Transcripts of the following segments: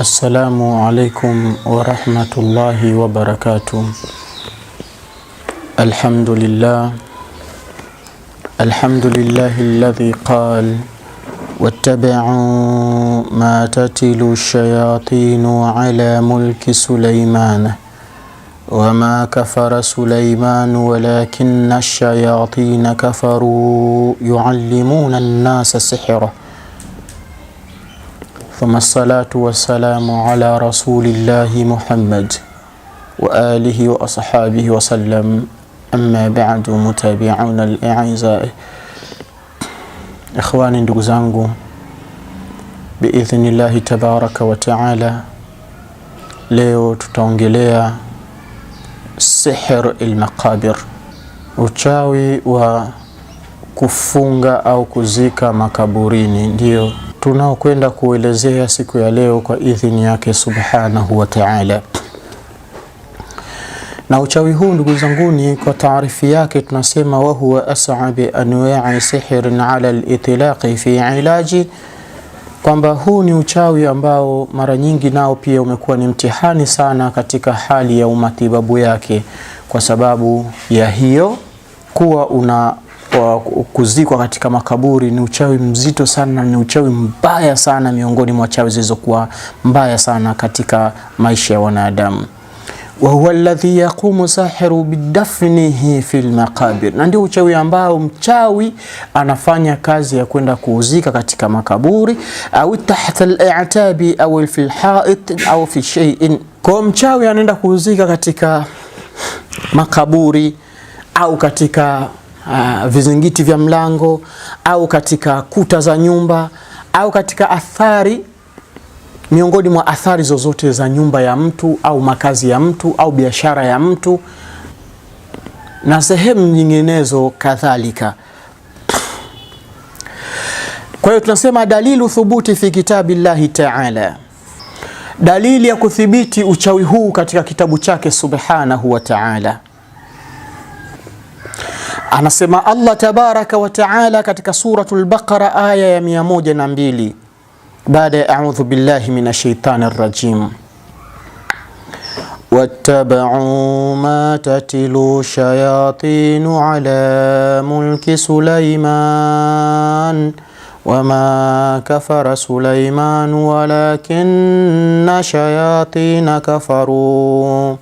السلام عليكم ورحمة الله وبركاته الحمد لله الحمد لله الذي قال واتبعوا ما تتل الشياطين على ملك سليمان وما كفر سليمان ولكن الشياطين كفروا يعلمون الناس سحره Thumma salatu wassalamu ala rasulillahi Muhammad wa alihi wa ashabihi wa sallam. Amma ba'du, mutabi'una al-a'izza, ikhwani, ndugu zangu, biidhnillahi tabaraka wa taala, leo tutaongelea sihr lmaqabir uchawi wa kufunga au kuzika makaburini, ndio tunaokwenda kuelezea siku ya leo kwa idhini yake subhanahu wa ta'ala. Na uchawi huu ndugu zanguni, kwa taarifi yake tunasema wahuwa asabi anwai sihirin ala litilaqi fi ilaji, kwamba huu ni uchawi ambao mara nyingi nao pia umekuwa ni mtihani sana katika hali ya umatibabu yake, kwa sababu ya hiyo kuwa una wa kuzikwa katika makaburi ni uchawi mzito sana, ni uchawi mbaya sana, miongoni mwa chawi zilizokuwa mbaya sana katika maisha ya wanadamu. wa huwa alladhi yaqumu sahiru bidafnihi fi lmaqabir, na ndio uchawi ambao mchawi anafanya kazi ya kwenda kuuzika katika makaburi, au tahta al au fi lhait au fi shay'in. Kwa mchawi anaenda kuuzika katika makaburi au katika uh, vizingiti vya mlango au katika kuta za nyumba au katika athari miongoni mwa athari zozote za nyumba ya mtu au makazi ya mtu au biashara ya mtu na sehemu nyinginezo kadhalika. Kwa hiyo tunasema dalilu thubuti fi kitabillahi taala, dalili ya kuthibiti uchawi huu katika kitabu chake subhanahu wa taala. Anasema Allah tabaraka wa taala katika Suratul Baqara aya ya 102 baada ya a'udhu billahi minash shaitani rrajim wattabau ma tatilu shayatinu ala mulki Sulaiman wama kafara Sulaiman walakinna shayatina kafaru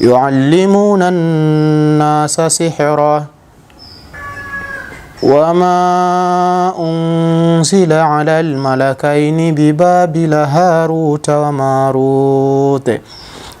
يعلمون الناس سحرا وما أنزل على الملكين ببابل هاروت وماروت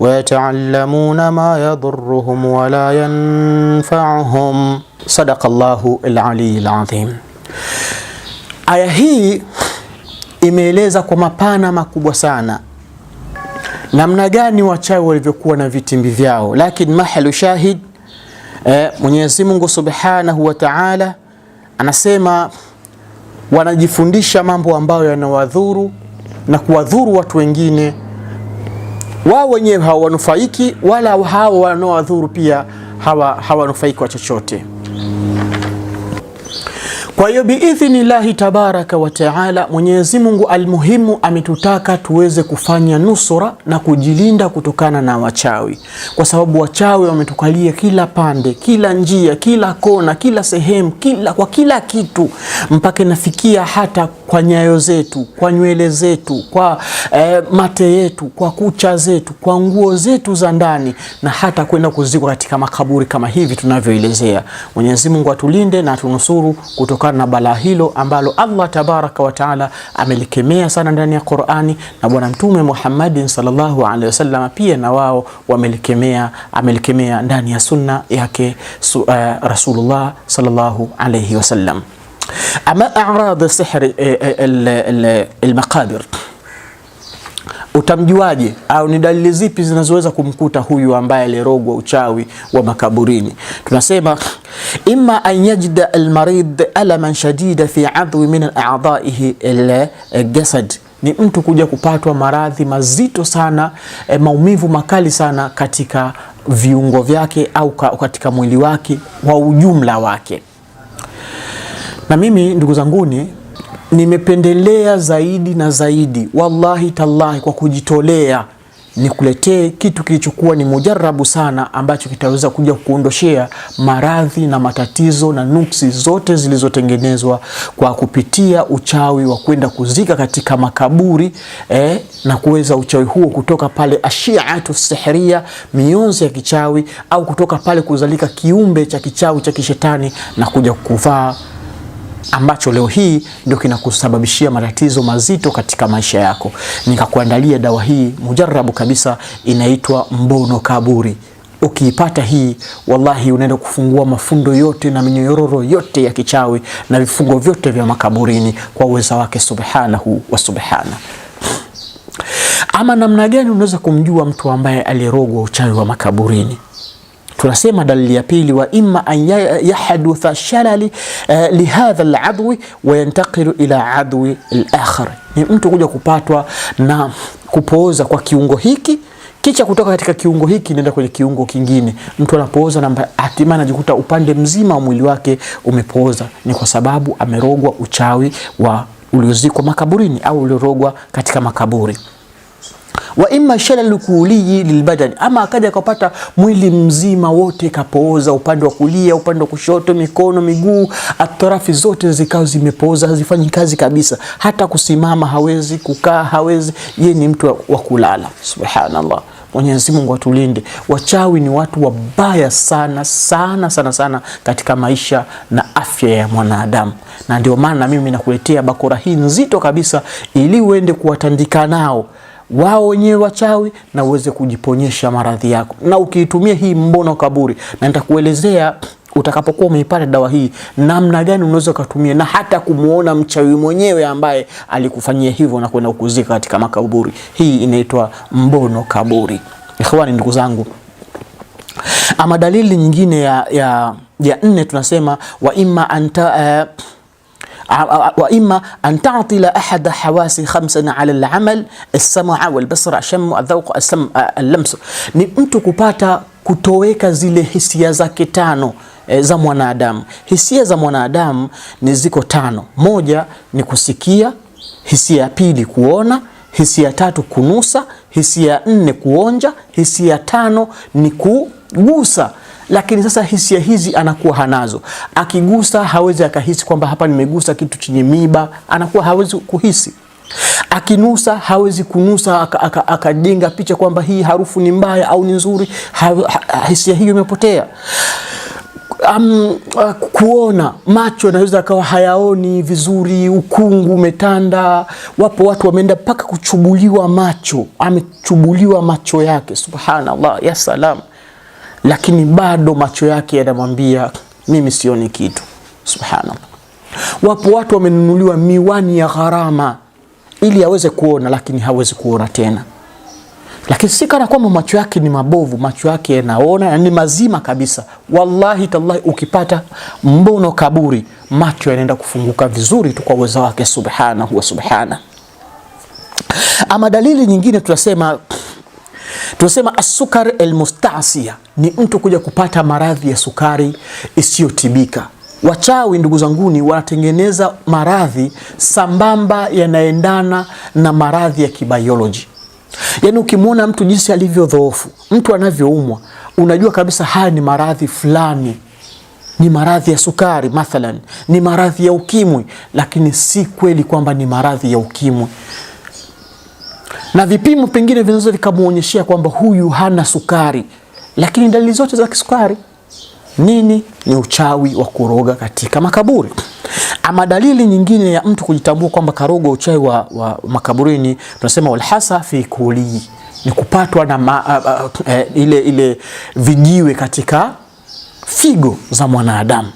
wayataallamuna ma yadhuruhum wala yanfauhum. Sadaka llahu alaliyi ladhim. Aya hii imeeleza kwa mapana makubwa sana namna gani wachawi walivyokuwa na vitimbi vyao, lakini mahalu shahid eh, Mwenyezi Mungu subhanahu wa taala anasema wanajifundisha mambo ambayo yanawadhuru na kuwadhuru watu wengine wao wenyewe hawanufaiki wala hao wanaowadhuru pia hawanufaiki hawa kwa chochote. Kwa hiyo biidhnillahi tabaraka wa taala, Mwenyezi Mungu almuhimu ametutaka tuweze kufanya nusura na kujilinda kutokana na wachawi, kwa sababu wachawi wametukalia kila pande, kila njia, kila kona, kila sehemu, kila kwa kila kitu, mpaka inafikia hata kwa nyayo zetu, kwa nywele zetu, kwa eh, mate yetu, kwa kucha zetu, kwa nguo zetu za ndani, na hata kwenda kuzikwa katika makaburi kama hivi tunavyoelezea. Mwenyezi Mungu atulinde na atunusuru kutoka kutokana na balaa hilo ambalo Allah tabaraka wa taala amelikemea sana ndani ya Qur'ani, na Bwana Mtume Muhammadin sallallahu alaihi wasallam pia na wao wamelikemea, amelikemea ndani ya sunna yake su, uh, Rasulullah sallallahu alaihi wasallam. Ama a'rad sihr al-maqabir utamjuaje au ni dalili zipi zinazoweza kumkuta huyu ambaye alirogwa uchawi wa makaburini? Tunasema imma an yajida almarid alaman shadida fi adwi min a'dha'ihi aljasad ni mtu kuja kupatwa maradhi mazito sana e, maumivu makali sana katika viungo vyake au katika mwili wake wa ujumla wake. Na mimi ndugu zanguni nimependelea zaidi na zaidi, wallahi tallahi, kwa kujitolea nikuletee kitu kilichokuwa ni mujarabu sana, ambacho kitaweza kuja kuondoshea maradhi na matatizo na nuksi zote zilizotengenezwa kwa kupitia uchawi wa kwenda kuzika katika makaburi eh, na kuweza uchawi huo kutoka pale ashiatu sihria, mionzi ya kichawi, au kutoka pale kuzalika kiumbe cha kichawi cha kishetani na kuja kuvaa ambacho leo hii ndio kinakusababishia matatizo mazito katika maisha yako. Nikakuandalia dawa hii mujarabu kabisa, inaitwa Mbono Kaburi. Ukiipata hii wallahi, unaenda kufungua mafundo yote na minyororo yote ya kichawi na vifungo vyote vya makaburini kwa uweza wake subhanahu wa subhana. Ama namna gani unaweza kumjua mtu ambaye alirogwa uchawi wa makaburini? Tunasema dalili ya pili, wa imma an yahadutha shalali uh, eh, lihadha aladwi wa ila adwi alakhar, ni mtu kuja kupatwa na kupooza kwa kiungo hiki kisha kutoka katika kiungo hiki inaenda kwenye kiungo kingine. Mtu anapooza na hatimaye anajikuta upande mzima wa mwili wake umepooza, ni kwa sababu amerogwa uchawi wa uliozikwa makaburini au uliorogwa katika makaburi wa imma shara lukuliyi lilbadani, ama akaja akapata mwili mzima wote kapooza, upande wa kulia, upande wa kushoto, mikono, miguu, atarafi zote zikao zimepooza, hazifanyi kazi kabisa, hata kusimama hawezi, kukaa hawezi, ye ni mtu wa kulala. Subhanallah. Mwenyezi Mungu atulinde. Wachawi ni watu wabaya sana sana sana sana katika maisha na afya ya mwanadamu, na ndio maana mimi nakuletea bakora hii nzito kabisa, ili uende kuwatandika nao wao wenyewe wachawi na uweze kujiponyesha maradhi yako, na ukiitumia hii mbono kaburi, na nitakuelezea utakapokuwa umeipata dawa hii, namna gani unaweza ukatumia na hata kumwona mchawi mwenyewe ambaye alikufanyia hivyo na kwenda kukuzika katika makaburi. Hii inaitwa mbono kaburi. Ikhwani, ndugu zangu, ama dalili nyingine ya, ya, ya nne tunasema wa imma anta uh, واما ان تعطل احد hawasi khamsan ala al-amal as-sam'a wal-basar ash al ni mtu kupata kutoweka zile hisia zake tano eh, za mwanadamu. Hisia za mwanadamu ni ziko tano. Moja ni kusikia, hisia ya pili kuona, hisia tatu kunusa, hisia nne kuonja, hisia tano ni kugusa lakini sasa hisia hizi anakuwa hanazo. Akigusa hawezi akahisi kwamba hapa nimegusa kitu chenye miba, anakuwa hawezi kuhisi akinusa hawezi kunusa, akajenga aka, aka picha kwamba hii harufu ni mbaya au ni nzuri. Ha, ha, hisia hiyo imepotea. Um, uh, kuona macho yanaweza akawa hayaoni vizuri, ukungu umetanda. Wapo watu wameenda mpaka kuchubuliwa macho, amechubuliwa macho yake. Subhanallah, ya salamu lakini bado macho yake yanamwambia mimi sioni kitu. Subhanallah, wapo watu wamenunuliwa miwani ya gharama ili aweze kuona, lakini hawezi kuona tena, lakini si kana kwamba macho yake ni mabovu, macho yake yanaona ni mazima kabisa. Wallahi tallahi, ukipata mbono kaburi, macho yanaenda kufunguka vizuri tu kwa uwezo wake subhanahu wa subhana. Ama dalili nyingine tunasema Tunasema asukari almustasia ni mtu kuja kupata maradhi ya sukari isiyotibika. Wachawi ndugu zanguni, wanatengeneza maradhi sambamba yanaendana na maradhi ya kibaioloji Yaani ukimwona mtu jinsi alivyo dhoofu mtu anavyoumwa, unajua kabisa haya ni maradhi fulani, ni maradhi ya sukari mathalan, ni maradhi ya ukimwi, lakini si kweli kwamba ni maradhi ya ukimwi na vipimo pengine vinaweza vikamwonyeshea kwamba huyu hana sukari, lakini dalili zote za kisukari nini? Ni uchawi wa kuroga katika makaburi. Ama dalili nyingine ya mtu kujitambua kwamba karoga uchawi wa, wa makaburini, tunasema walhasa fi kulii, ni kupatwa na ma, a, a, e, ile, ile vijiwe katika figo za mwanadamu.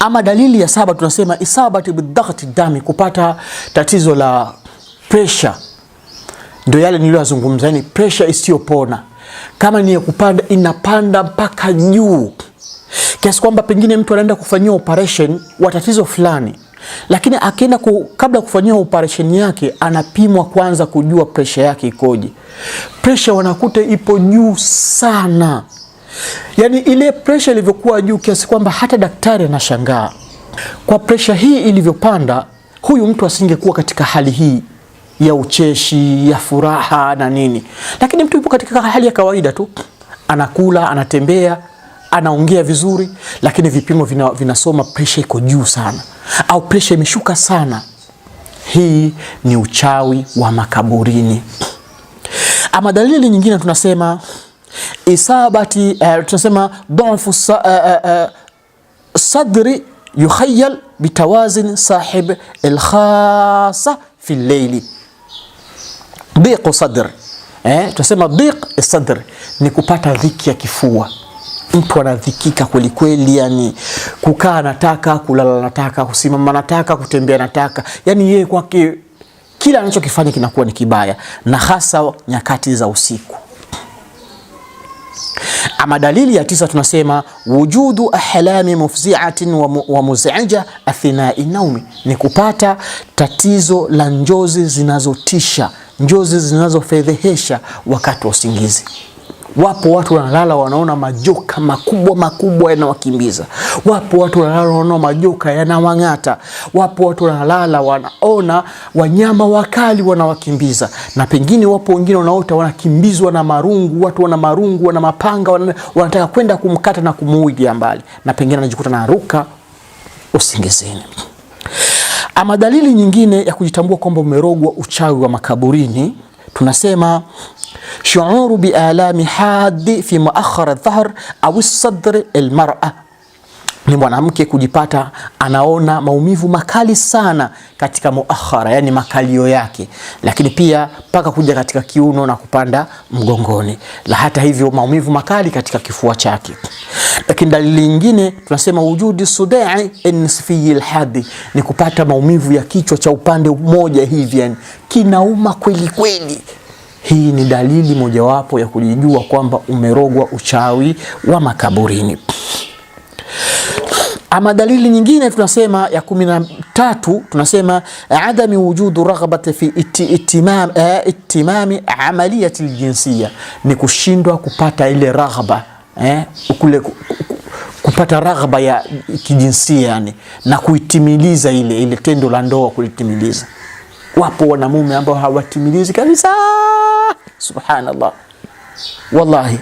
Ama dalili ya saba tunasema isabati bidhakti dami, kupata tatizo la pressure ndio yale niliyoyazungumza, yani presha isiyopona, kama ni ya kupanda inapanda mpaka juu kiasi kwamba pengine mtu anaenda kufanyiwa operation wa tatizo fulani, lakini akienda ku, kabla kufanyiwa operation yake anapimwa kwanza kujua presha yake ikoje. Presha wanakuta ipo juu sana, yani ile presha ilivyokuwa juu kiasi kwamba hata daktari anashangaa kwa presha hii ilivyopanda, huyu mtu asingekuwa katika hali hii ya ucheshi, ya furaha na nini, lakini mtu yupo katika hali ya kawaida tu, anakula, anatembea, anaongea vizuri, lakini vipimo vina, vinasoma presha iko juu sana au presha imeshuka sana. Hii ni uchawi wa makaburini. Ama dalili nyingine tunasema isabati eh, tunasema dhafu sa, eh, eh, eh sadri yukhayal bitawazin sahib alkhasa fi lleili Dhiqu sadr eh, tunasema dhiq sadr ni kupata dhiki ya kifua. Mtu anadhikika kweli kweli, yani kukaa nataka, kulala nataka, kusimama nataka, kutembea nataka, yani yeye kwake kila anachokifanya kinakuwa ni kibaya, na hasa nyakati za usiku. Ama dalili ya tisa tunasema wujudu ahlami mufziatin wa muzija athinai naumi, ni kupata tatizo la njozi zinazotisha njozi zinazofedhehesha wakati wa usingizi. Wapo watu wanalala wanaona majoka makubwa makubwa yanawakimbiza. Wapo watu wanalala wanaona majoka yanawang'ata. Wapo watu wanalala wanaona wanyama wakali wanawakimbiza, na pengine wapo wengine wanaota wanakimbizwa na marungu, watu wana marungu, wana mapanga, wana, wanataka kwenda kumkata na kumuwidia mbali, na pengine anajikuta naruka usingizini. Ama dalili nyingine ya kujitambua kwamba umerogwa uchawi wa makaburini, tunasema shuuru bialami hadi fi muakhara dhahr au sadri almar'a ni mwanamke kujipata anaona maumivu makali sana katika muakhara, yani makalio yake, lakini pia mpaka kuja katika kiuno na kupanda mgongoni, na hata hivyo maumivu makali katika kifua chake. Lakini dalili nyingine tunasema wujudi sudai nisfiyi lhadi, ni kupata maumivu ya kichwa cha upande mmoja hivi, yani kinauma kweli kweli. Hii ni dalili mojawapo ya kujijua kwamba umerogwa uchawi wa makaburini. Ama dalili nyingine tunasema ya kumi na tatu tunasema adami wujudu raghbati fi iti, itimam, eh, itimami amaliyati ljinsia, ni kushindwa kupata ile raghba eh, kule kupata raghba ya kijinsia yani, na kuitimiliza ile ile tendo la ndoa kulitimiliza. Wapo wanamume ambao hawatimilizi kabisa, subhanallah, wallahi,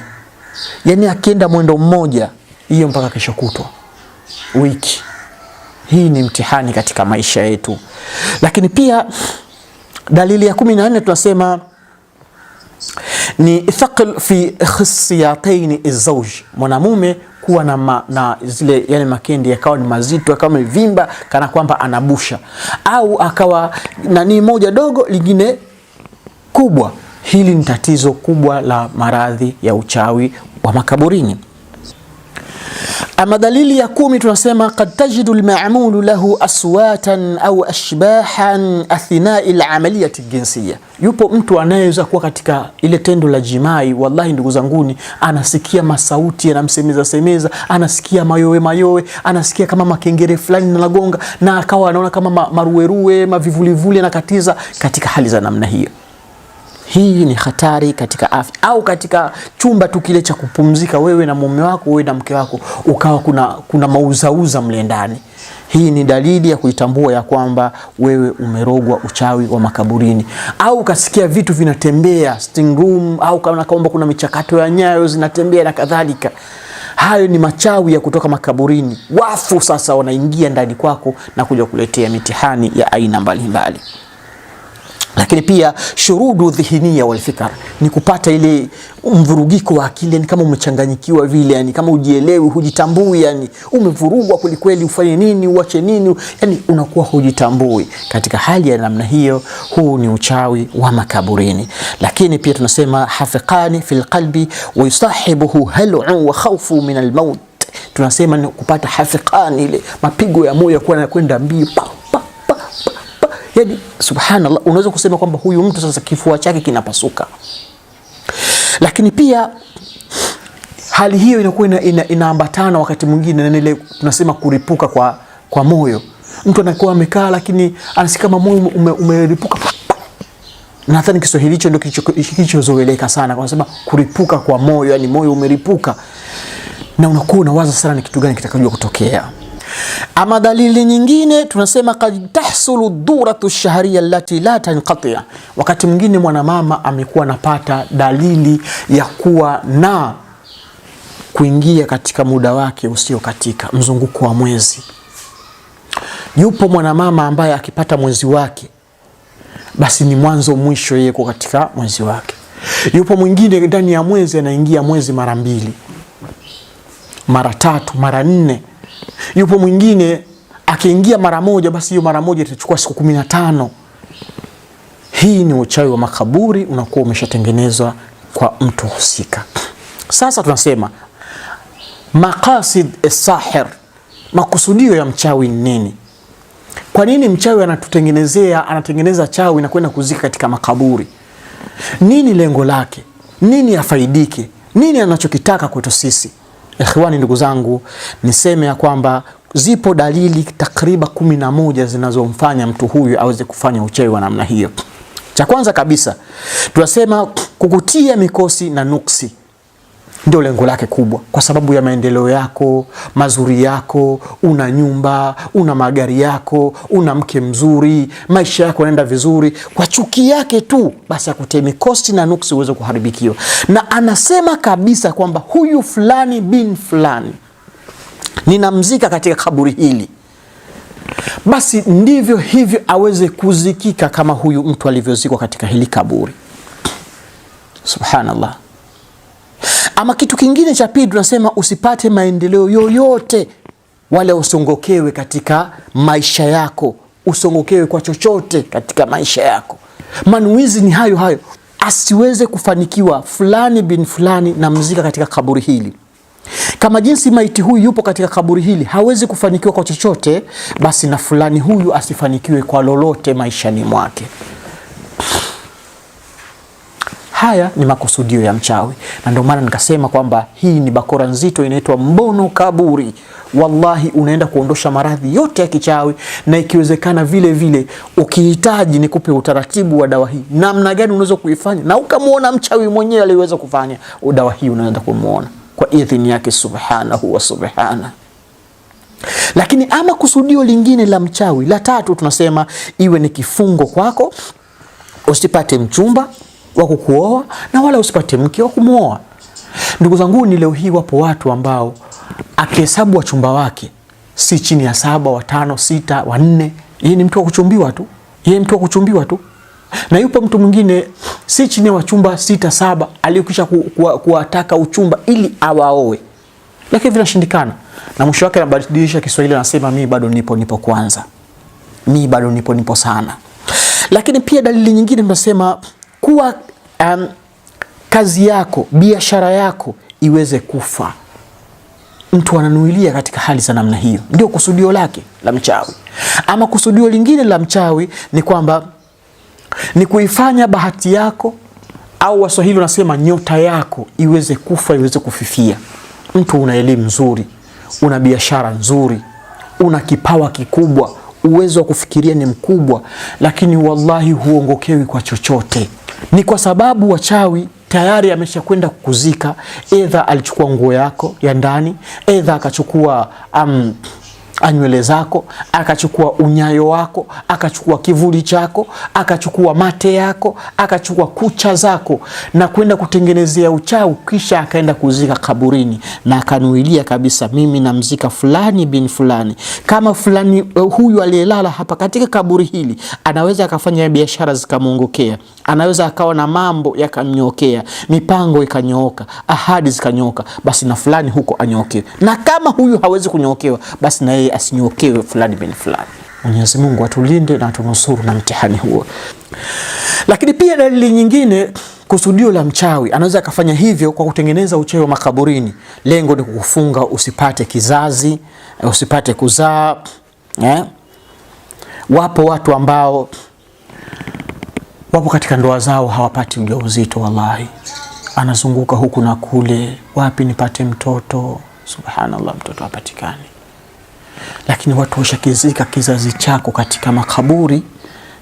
yani akienda mwendo mmoja hiyo mpaka kesho kutwa wiki. Hii ni mtihani katika maisha yetu. Lakini pia dalili ya kumi na nne tunasema ni thaqal fi khisiyataini azwaj, mwanamume kuwa na, ma, na zile yale makendi yakawa ni mazito yakawa mevimba kana kwamba anabusha au akawa nani moja dogo lingine kubwa. Hili ni tatizo kubwa la maradhi ya uchawi wa makaburini. Ama dalili ya kumi tunasema kad tajidu lmamulu lahu aswatan au ashbahan athinai lamaliyati jinsia. Yupo mtu anayeweza kuwa katika ile tendo la jimai, wallahi ndugu zanguni, anasikia masauti yanamsemeza semeza, anasikia mayowe mayowe, anasikia kama makengere fulani nagonga na akawa anaona kama maruweruwe mavivulivuli, anakatiza katika hali za namna hiyo. Hii ni hatari katika afya, au katika chumba tu kile cha kupumzika, wewe na mume wako, wewe na mke wako, ukawa kuna, kuna mauzauza mle ndani. Hii ni dalili ya kuitambua ya kwamba wewe umerogwa uchawi wa makaburini, au ukasikia vitu vinatembea sitting room, au kana kwamba kuna michakato ya nyayo zinatembea na kadhalika. Hayo ni machawi ya kutoka makaburini. Wafu sasa wanaingia ndani kwako na kuja kuletea mitihani ya aina mbalimbali mbali lakini pia shurudu dhihinia wal fikra ni kupata ile mvurugiko wa akili, yani kama umechanganyikiwa vile, yani kama ujielewi, hujitambui, yani umevurugwa kwelikweli, ufanye nini, uache nini, yani unakuwa hujitambui. Katika hali ya namna hiyo, huu ni uchawi wa makaburini. Lakini pia tunasema hafiqani fil qalbi wa yusahibuhu halu wa khawfu min al tunasema ni kupata hafiqani, ile mapigo ya moyo yanakwenda mbio subhanallah, unaweza kusema kwamba huyu mtu sasa kifua chake kinapasuka. Lakini pia hali hiyo inakuwa ina, ina, inaambatana wakati mwingine na ile tunasema kuripuka kwa, kwa moyo. Mtu anakuwa amekaa lakini anasikia kama moyo ume, Nadhani Kiswahili hicho ndio kilichozoeleka sana, kwa sababu kuripuka kwa moyo, yani moyo umeripuka, na unakuwa unawaza sana ni kitu gani kitakajua kutokea. Ama dalili nyingine tunasema kad tahsulu duratu shahriya lati la tanqatia, wakati mwingine mwanamama amekuwa anapata dalili ya kuwa na kuingia katika muda wake usiokatika, mzunguko wa mwezi. Yupo mwanamama ambaye akipata mwezi wake basi ni mwanzo mwisho yeye kwa katika mwezi wake. Yupo mwingine ndani ya mwezi anaingia mwezi mara mbili, mara tatu, mara nne. Yupo mwingine akiingia mara moja, basi hiyo mara moja itachukua siku kumi na tano. Hii ni uchawi wa makaburi unakuwa umeshatengenezwa kwa mtu husika. Sasa tunasema maqasid sahir, makusudio ya mchawi ni nini? Kwa nini mchawi anatutengenezea, anatengeneza chawi na kwenda kuzika katika makaburi? Nini lengo lake? Nini afaidike? Nini anachokitaka kwetu sisi? Ikhwani, ndugu zangu, niseme ya kwamba zipo dalili takriban kumi na moja zinazomfanya mtu huyu aweze kufanya uchawi wa namna hiyo. Cha kwanza kabisa tunasema kukutia mikosi na nuksi ndio lengo lake kubwa, kwa sababu ya maendeleo yako mazuri yako. Una nyumba, una magari yako, una mke mzuri, maisha yako yanaenda vizuri. Kwa chuki yake tu basi akutemi kosti na nuksi uweze kuharibikiwa. Na anasema kabisa kwamba huyu fulani bin fulani ninamzika katika kaburi hili, basi ndivyo hivyo aweze kuzikika kama huyu mtu alivyozikwa katika hili kaburi. Subhanallah. Ama kitu kingine cha pili tunasema usipate maendeleo yoyote wala usongokewe katika maisha yako, usongokewe kwa chochote katika maisha yako. Manuizi ni hayo hayo, asiweze kufanikiwa fulani bin fulani na mzika katika kaburi hili. Kama jinsi maiti huyu yupo katika kaburi hili hawezi kufanikiwa kwa chochote, basi na fulani huyu asifanikiwe kwa lolote maishani mwake. Haya ni makusudio ya mchawi, na ndio maana nikasema kwamba hii ni bakora nzito, inaitwa mbono kaburi. Wallahi, unaenda kuondosha maradhi yote ya kichawi, na ikiwezekana vile vile ukihitaji nikupe utaratibu wa dawa hii, namna gani unaweza kuifanya, na ukamwona mchawi mwenyewe aliweza kufanya dawa hii, unaenda kumwona kwa idhini yake subhanahu wa subhana. Lakini ama kusudio lingine la mchawi la tatu, tunasema iwe ni kifungo kwako, usipate mchumba wa kukuoa na wala usipate mke wa kumwoa. Ndugu zangu, ni leo hii wapo watu ambao akihesabu wachumba wake si chini ya saba, watano, sita, wanne, yeye ni mtu wa kuchumbiwa tu, yeye mtu wa kuchumbiwa tu. Na yupo mtu mwingine si chini ya wachumba sita, saba, aliyokisha kuwataka ku, ku, uchumba ili awaoe, lakini vinashindikana, na mwisho wake anabadilisha Kiswahili, anasema mimi bado nipo nipo kwanza, mimi bado nipo nipo sana. Lakini pia dalili nyingine tunasema kuwa um, kazi yako, biashara yako iweze kufa. Mtu ananuilia katika hali za namna hiyo, ndio kusudio lake la mchawi. Ama kusudio lingine la mchawi ni kwamba ni kuifanya bahati yako au Waswahili wanasema nyota yako iweze kufa, iweze kufifia. Mtu una elimu nzuri, una biashara nzuri, una kipawa kikubwa uwezo wa kufikiria ni mkubwa, lakini wallahi huongokewi kwa chochote. Ni kwa sababu wachawi tayari ameshakwenda kukuzika, edha alichukua nguo yako ya ndani, edha akachukua um, anywele zako, akachukua unyayo wako, akachukua kivuli chako, akachukua mate yako, akachukua kucha zako na kwenda kutengenezea uchawi, kisha akaenda kuzika kaburini, na akanuilia kabisa, mimi namzika fulani bin fulani. Kama fulani eh, huyu aliyelala hapa katika kaburi hili, anaweza akafanya biashara zikamwongokea, anaweza akawa na mambo yakamnyokea, mipango ikanyooka, ahadi zikanyooka, basi na fulani huko anyookewe, na kama huyu hawezi kunyookewa, basi na yeye yeye asinyukiwe fulani bin fulani. Mwenyezi Mungu atulinde na atunusuru na mtihani huo. Lakini pia dalili nyingine, kusudio la mchawi anaweza akafanya hivyo kwa kutengeneza uchawi wa makaburini. Lengo ni kukufunga usipate kizazi, eh, usipate kuzaa eh? Wapo watu ambao wapo katika ndoa zao hawapati ujauzito, wallahi, anazunguka huku na kule, wapi nipate mtoto? Subhanallah, mtoto hapatikani lakini watu washakizika kizazi chako katika makaburi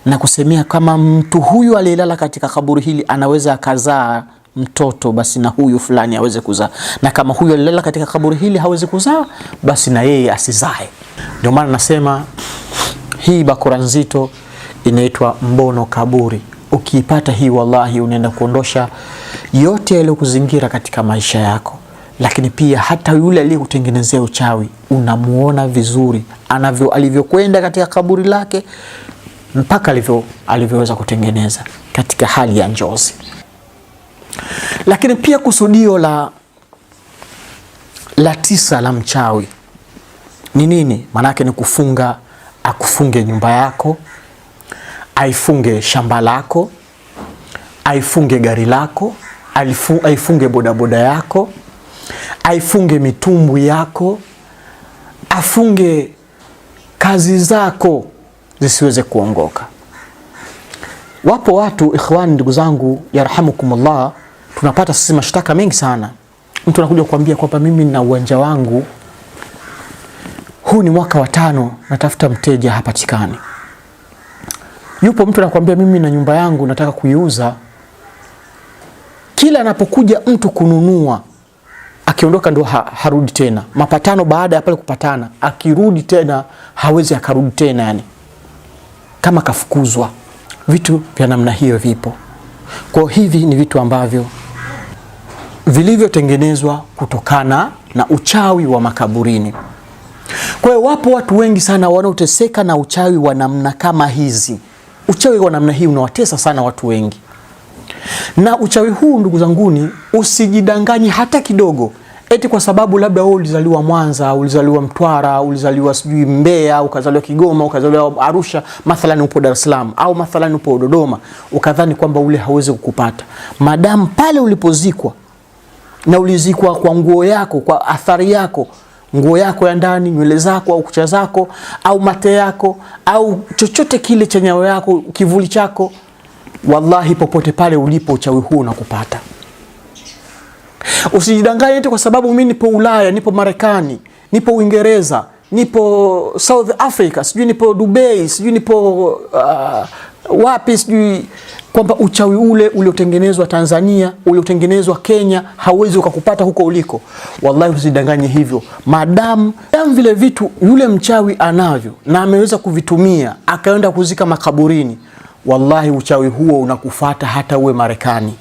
na kusemea kama mtu huyu aliyelala katika kaburi hili anaweza akazaa mtoto basi na huyu fulani aweze kuzaa, na kama huyu alilala katika kaburi hili hawezi kuzaa, basi na yeye asizae. Ndio maana nasema hii bakora nzito inaitwa mbono kaburi. Ukiipata hii, wallahi unaenda kuondosha yote yaliyokuzingira katika maisha yako lakini pia hata yule aliyekutengenezea uchawi unamuona vizuri anavyo alivyokwenda katika kaburi lake mpaka alivyo alivyoweza kutengeneza katika hali ya njozi. Lakini pia kusudio la, la tisa la mchawi ni nini? Maanake ni kufunga, akufunge nyumba yako, aifunge shamba lako, aifunge gari lako, aifunge bodaboda yako aifunge mitumbwi yako, afunge kazi zako zisiweze kuongoka. Wapo watu ikhwani, ndugu zangu, yarhamukumullah, tunapata sisi mashtaka mengi sana. Mtu anakuja kukwambia kwamba mimi na uwanja wangu huu, ni mwaka wa tano, natafuta mteja hapatikani. Yupo mtu anakuambia mimi na nyumba yangu nataka kuiuza. Kila anapokuja mtu kununua akiondoka ndo ha, harudi tena. Mapatano baada ya pale kupatana, akirudi tena hawezi akarudi tena, yani kama kafukuzwa. Vitu vya namna hiyo vipo. Kwa hivi ni vitu ambavyo vilivyotengenezwa kutokana na uchawi wa makaburini. Kwa hiyo wapo watu wengi sana wanaoteseka na uchawi wa namna kama hizi. Uchawi wa namna hii unawatesa sana watu wengi. Na uchawi huu ndugu zanguni, usijidanganyi hata kidogo, eti kwa sababu labda wewe ulizaliwa Mwanza, ulizaliwa Mtwara, ulizaliwa sijui Mbeya, ukazaliwa Kigoma, ukazaliwa Arusha, mathalani upo Dar es Salaam au mathalani upo Dodoma, ukadhani kwamba ule hauwezi kukupata madamu pale ulipozikwa na ulizikwa kwa nguo yako, kwa athari yako, nguo yako ya ndani, nywele zako au kucha zako au mate yako au chochote kile cha nyayo yako, kivuli chako wallahi, popote pale ulipo uchawi huo unakupata. Usijidanganye eti kwa sababu mimi nipo Ulaya, nipo Marekani, nipo Uingereza, nipo South Africa, sijui nipo Dubai, sijui nipo uh, wapi sijui kwamba uchawi ule uliotengenezwa Tanzania uliotengenezwa Kenya hauwezi ukakupata huko uliko. Wallahi, usidanganye hivyo. Madamu damu vile vitu yule mchawi anavyo na ameweza kuvitumia akaenda kuzika makaburini, wallahi uchawi huo unakufata hata uwe Marekani.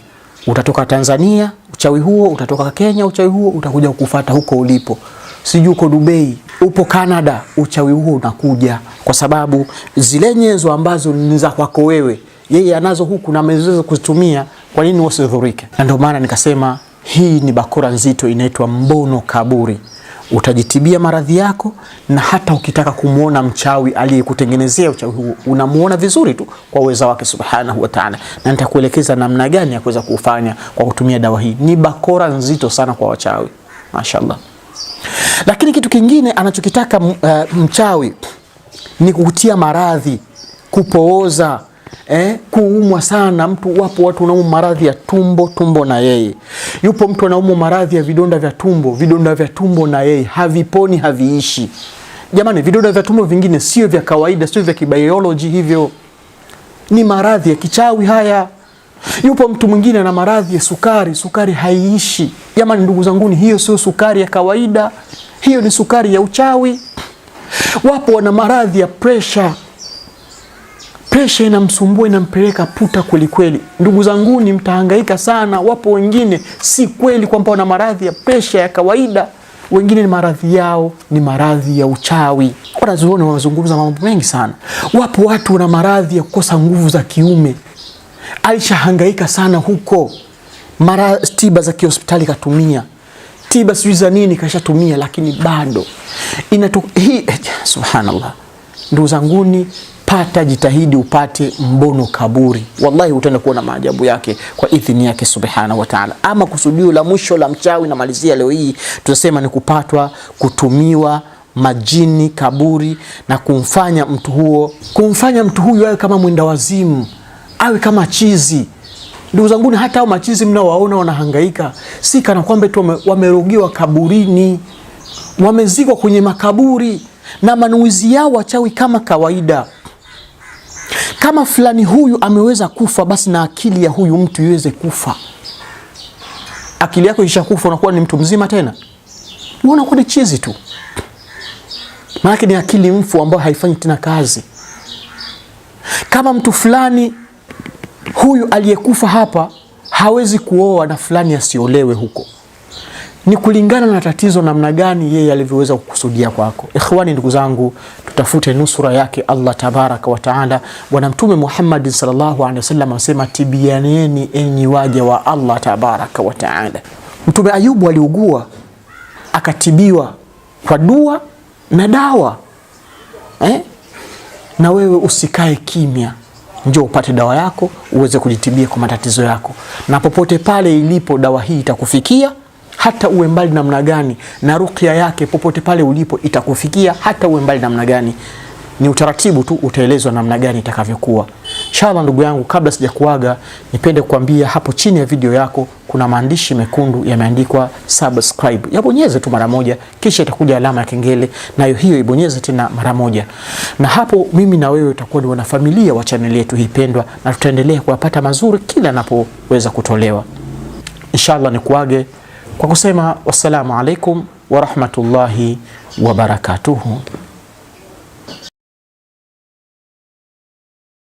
Utatoka Tanzania uchawi huo, utatoka Kenya uchawi huo utakuja kukufata huko ulipo, sijui uko Dubai, upo Canada, uchawi huo unakuja, kwa sababu zile nyenzo ambazo ni za kwako wewe, yeye anazo huku na ameweza kuzitumia, kwa nini wasidhurike? Na ndio maana nikasema hii ni bakora nzito, inaitwa mbono kaburi utajitibia maradhi yako, na hata ukitaka kumwona mchawi aliyekutengenezea uchawi huo unamuona vizuri tu kwa uweza wake subhanahu wa ta'ala, na nitakuelekeza namna gani ya kuweza kufanya kwa kutumia dawa hii. Ni bakora nzito sana kwa wachawi, mashaallah. Lakini kitu kingine anachokitaka uh, mchawi ni kukutia maradhi, kupooza eh, kuumwa sana mtu. Wapo watu wanaumwa maradhi ya tumbo, tumbo na yeye yupo. Mtu anaumwa maradhi ya vidonda vya tumbo, vidonda vya tumbo na yeye haviponi, haviishi. Jamani, vidonda vya tumbo vingine sio vya kawaida, sio vya kibiology, hivyo ni maradhi ya kichawi haya. Yupo mtu mwingine ana maradhi ya sukari, sukari haiishi. Jamani ndugu zanguni, hiyo sio sukari ya kawaida, hiyo ni sukari ya uchawi. Wapo wana maradhi ya pressure Presha inamsumbua inampeleka puta kwelikweli. Ndugu zanguni, mtahangaika sana. Wapo wengine si kweli kwamba wana maradhi ya presha ya kawaida, wengine ni maradhi yao ni maradhi ya uchawi. Wanazuoni wanazungumza mambo mengi sana. Wapo watu wana maradhi ya kukosa nguvu za kiume, alishahangaika sana huko, mara tiba za kihospitali katumia tiba sijui za nini kashatumia, lakini bado inatoka hii. Eh, subhanallah, ndugu zanguni pata, jitahidi upate mbono kaburi, wallahi utaenda kuona maajabu yake kwa idhini yake subhanahu wa ta'ala. Ama kusudio la mwisho la mchawi, na malizia leo hii, tutasema ni kupatwa kutumiwa majini kaburi na kumfanya mtu huo kumfanya mtu huyo awe kama mwenda wazimu, awe kama chizi. Ndugu zangu, hata hao machizi mnaowaona wanahangaika, si kana kwamba tu wamerogiwa kaburini, wamezikwa kwenye makaburi na manuizi yao wachawi kama kawaida. Kama fulani huyu ameweza kufa, basi na akili ya huyu mtu iweze kufa. Akili yako kufa unakuwa ni mtu mzima tena? Unakuwa ni chizi tu, maanake ni akili mfu ambayo haifanyi tena kazi. Kama mtu fulani huyu aliyekufa hapa hawezi kuoa na fulani asiolewe huko ni kulingana na tatizo namna gani yeye alivyoweza kukusudia kwako. Ikhwani, ndugu zangu, tutafute nusura yake Allah tabaraka wa taala. Bwana Mtume Muhammad sallallahu alaihi wasallam anasema, tibianeni enyi waja wa Allah tabaraka wa taala. Mtume Ayubu aliugua akatibiwa kwa dua na dawa eh? Na wewe usikae kimya, njoo upate dawa yako uweze kujitibia kwa matatizo yako, na popote pale ilipo dawa hii itakufikia hata uwe mbali namna gani, na ruqya yake popote pale ulipo itakufikia hata uwe mbali namna gani. Ni utaratibu tu, utaelezwa namna gani itakavyokuwa. Inshallah, ndugu yangu, kabla sijakuaga, nipende kukwambia hapo chini ya video yako kuna maandishi mekundu yameandikwa subscribe. Yabonyeze tu mara moja, kisha itakuja alama ya kengele, nayo hiyo ibonyeze tena mara moja, na hapo mimi na wewe utakuwa ni wanafamilia wa chaneli yetu hii pendwa, na tutaendelea kuyapata mazuri kila anapoweza kutolewa. Inshallah, nikuage kwa kusema wassalamu alaikum warahmatullahi wabarakatuhu.